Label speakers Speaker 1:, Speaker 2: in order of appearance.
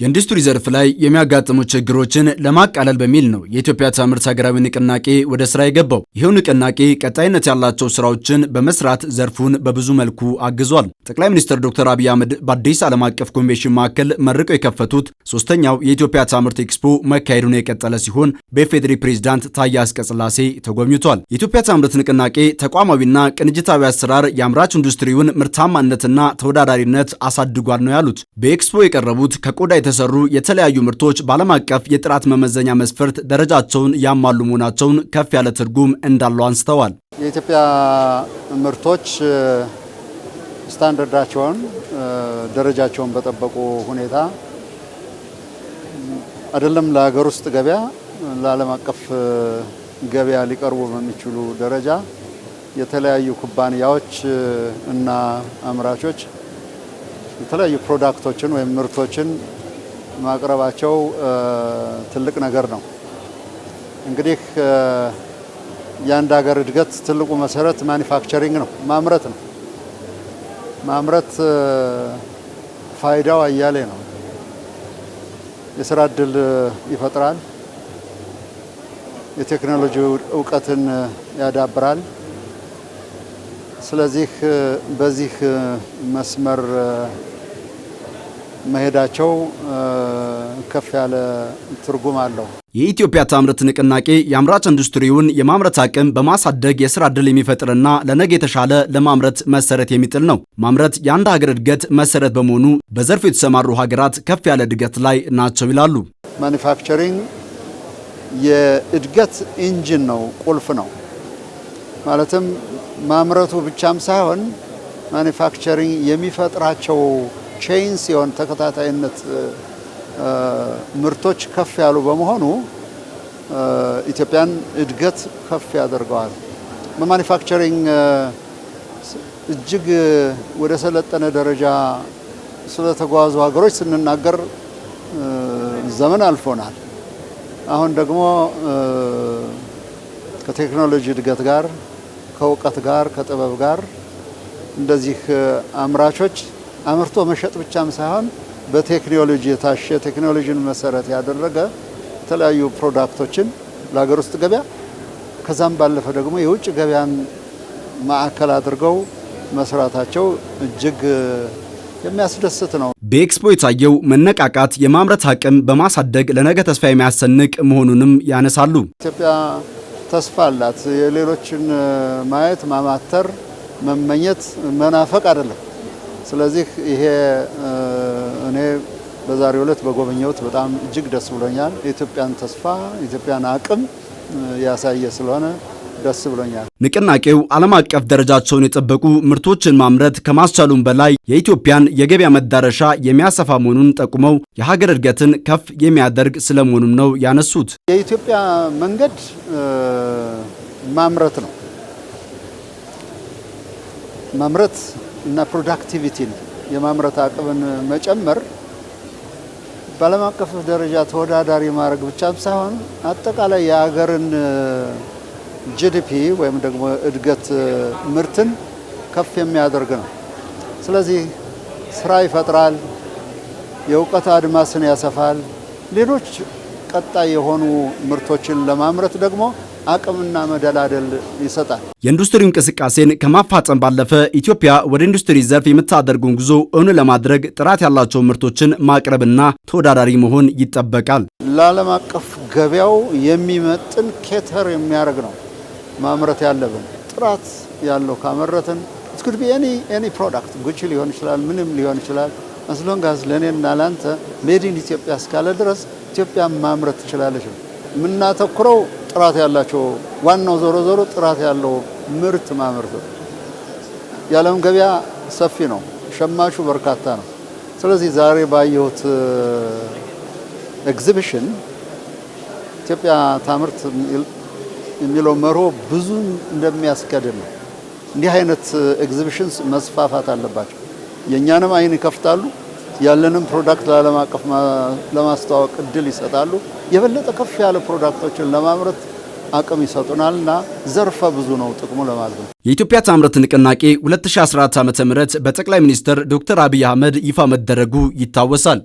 Speaker 1: የኢንዱስትሪ ዘርፍ ላይ የሚያጋጥሙ ችግሮችን ለማቃለል በሚል ነው የኢትዮጵያ ታምርት ሀገራዊ ንቅናቄ ወደ ስራ የገባው። ይህው ንቅናቄ ቀጣይነት ያላቸው ስራዎችን በመስራት ዘርፉን በብዙ መልኩ አግዟል። ጠቅላይ ሚኒስትር ዶክተር አብይ አህመድ በአዲስ ዓለም አቀፍ ኮንቬንሽን ማዕከል መርቀው የከፈቱት ሶስተኛው የኢትዮጵያ ታምርት ኤክስፖ መካሄዱን የቀጠለ ሲሆን በኢፌዴሪ ፕሬዚዳንት ታዬ አጽቀሥላሴ ተጎብኝቷል። የኢትዮጵያ ታምርት ንቅናቄ ተቋማዊና ቅንጅታዊ አሰራር የአምራች ኢንዱስትሪውን ምርታማነትና ተወዳዳሪነት አሳድጓል ነው ያሉት። በኤክስፖ የቀረቡት ከቆዳ የተሰሩ የተለያዩ ምርቶች በዓለም አቀፍ የጥራት መመዘኛ መስፈርት ደረጃቸውን ያሟሉ መሆናቸውን ከፍ ያለ ትርጉም እንዳለው አንስተዋል።
Speaker 2: የኢትዮጵያ ምርቶች ስታንዳርዳቸውን፣ ደረጃቸውን በጠበቁ ሁኔታ አይደለም ለሀገር ውስጥ ገበያ ለዓለም አቀፍ ገበያ ሊቀርቡ በሚችሉ ደረጃ የተለያዩ ኩባንያዎች እና አምራቾች የተለያዩ ፕሮዳክቶችን ወይም ምርቶችን ማቅረባቸው ትልቅ ነገር ነው። እንግዲህ የአንድ ሀገር እድገት ትልቁ መሰረት ማኒፋክቸሪንግ ነው፣ ማምረት ነው። ማምረት ፋይዳው አያሌ ነው። የስራ እድል ይፈጥራል፣ የቴክኖሎጂ እውቀትን ያዳብራል። ስለዚህ በዚህ መስመር መሄዳቸው ከፍ ያለ ትርጉም አለው።
Speaker 1: የኢትዮጵያ ታምርት ንቅናቄ የአምራች ኢንዱስትሪውን የማምረት አቅም በማሳደግ የስራ ዕድል የሚፈጥርና ለነገ የተሻለ ለማምረት መሰረት የሚጥል ነው። ማምረት የአንድ ሀገር እድገት መሰረት በመሆኑ በዘርፉ የተሰማሩ ሀገራት ከፍ ያለ እድገት ላይ ናቸው ይላሉ።
Speaker 2: ማኒፋክቸሪንግ የእድገት ኢንጂን ነው፣ ቁልፍ ነው። ማለትም ማምረቱ ብቻም ሳይሆን ማኒፋክቸሪንግ የሚፈጥራቸው ቼይን ሲሆን ተከታታይነት ምርቶች ከፍ ያሉ በመሆኑ ኢትዮጵያን እድገት ከፍ ያደርገዋል። በማኒፋክቸሪንግ እጅግ ወደ ሰለጠነ ደረጃ ስለተጓዙ ሀገሮች ስንናገር ዘመን አልፎናል። አሁን ደግሞ ከቴክኖሎጂ እድገት ጋር ከእውቀት ጋር ከጥበብ ጋር እንደዚህ አምራቾች አምርቶ መሸጥ ብቻም ሳይሆን በቴክኖሎጂ የታሸ ቴክኖሎጂን መሰረት ያደረገ የተለያዩ ፕሮዳክቶችን ለሀገር ውስጥ ገበያ ከዛም ባለፈ ደግሞ የውጭ ገበያን ማዕከል አድርገው መስራታቸው እጅግ የሚያስደስት ነው።
Speaker 1: በኤክስፖ የታየው መነቃቃት የማምረት አቅም በማሳደግ ለነገ ተስፋ የሚያሰንቅ መሆኑንም ያነሳሉ።
Speaker 2: ኢትዮጵያ ተስፋ አላት። የሌሎችን ማየት ማማተር፣ መመኘት፣ መናፈቅ አይደለም። ስለዚህ ይሄ እኔ በዛሬው ዕለት በጎበኘሁት በጣም እጅግ ደስ ብሎኛል። የኢትዮጵያን ተስፋ የኢትዮጵያን አቅም ያሳየ ስለሆነ ደስ ብሎኛል።
Speaker 1: ንቅናቄው ዓለም አቀፍ ደረጃቸውን የጠበቁ ምርቶችን ማምረት ከማስቻሉም በላይ የኢትዮጵያን የገበያ መዳረሻ የሚያሰፋ መሆኑን ጠቁመው የሀገር እድገትን ከፍ የሚያደርግ ስለመሆኑም ነው ያነሱት።
Speaker 2: የኢትዮጵያ መንገድ ማምረት ነው። ማምረት እና ፕሮዳክቲቪቲን የማምረት አቅምን መጨመር በዓለም አቀፍ ደረጃ ተወዳዳሪ ማድረግ ብቻም ሳይሆን አጠቃላይ የሀገርን ጂዲፒ ወይም ደግሞ እድገት ምርትን ከፍ የሚያደርግ ነው። ስለዚህ ስራ ይፈጥራል፣ የእውቀት አድማስን ያሰፋል። ሌሎች ቀጣይ የሆኑ ምርቶችን ለማምረት ደግሞ አቅምና መደላደል ይሰጣል።
Speaker 1: የኢንዱስትሪ እንቅስቃሴን ከማፋጠን ባለፈ ኢትዮጵያ ወደ ኢንዱስትሪ ዘርፍ የምታደርገውን ጉዞ እውን ለማድረግ ጥራት ያላቸው ምርቶችን ማቅረብና ተወዳዳሪ መሆን ይጠበቃል።
Speaker 2: ለዓለም አቀፍ ገበያው የሚመጥን ኬተር የሚያደርግ ነው ማምረት ያለብን። ጥራት ያለው ካመረትን ስኩድ ቢ ኤኒ ፕሮዳክት ጉቺ ሊሆን ይችላል፣ ምንም ሊሆን ይችላል አስሎንጋዝ ለእኔና ለአንተ ሜድ ኢን ኢትዮጵያ እስካለ ድረስ ኢትዮጵያ ማምረት ትችላለች። የምናተኩረው ጥራት ያላቸው ዋናው ዞሮ ዞሮ ጥራት ያለው ምርት ማምርት ነው። የዓለም ገበያ ሰፊ ነው፣ ሸማቹ በርካታ ነው። ስለዚህ ዛሬ ባየሁት ኤግዚቢሽን uh, ኢትዮጵያ ታምርት የሚለው መርሆ ብዙ እንደሚያስቀድም ነው። እንዲህ አይነት ኤግዚቢሽንስ uh, መስፋፋት አለባቸው። የእኛንም አይን ይከፍታሉ። ያለንም ፕሮዳክት ለዓለም አቀፍ ለማስተዋወቅ እድል ይሰጣሉ። የበለጠ ከፍ ያለ ፕሮዳክቶችን ለማምረት አቅም ይሰጡናል እና ዘርፈ ብዙ ነው ጥቅሙ ለማለት ነው።
Speaker 1: የኢትዮጵያ ታምርት ንቅናቄ 2014 ዓ ም በጠቅላይ ሚኒስትር ዶክተር አብይ አህመድ ይፋ መደረጉ ይታወሳል።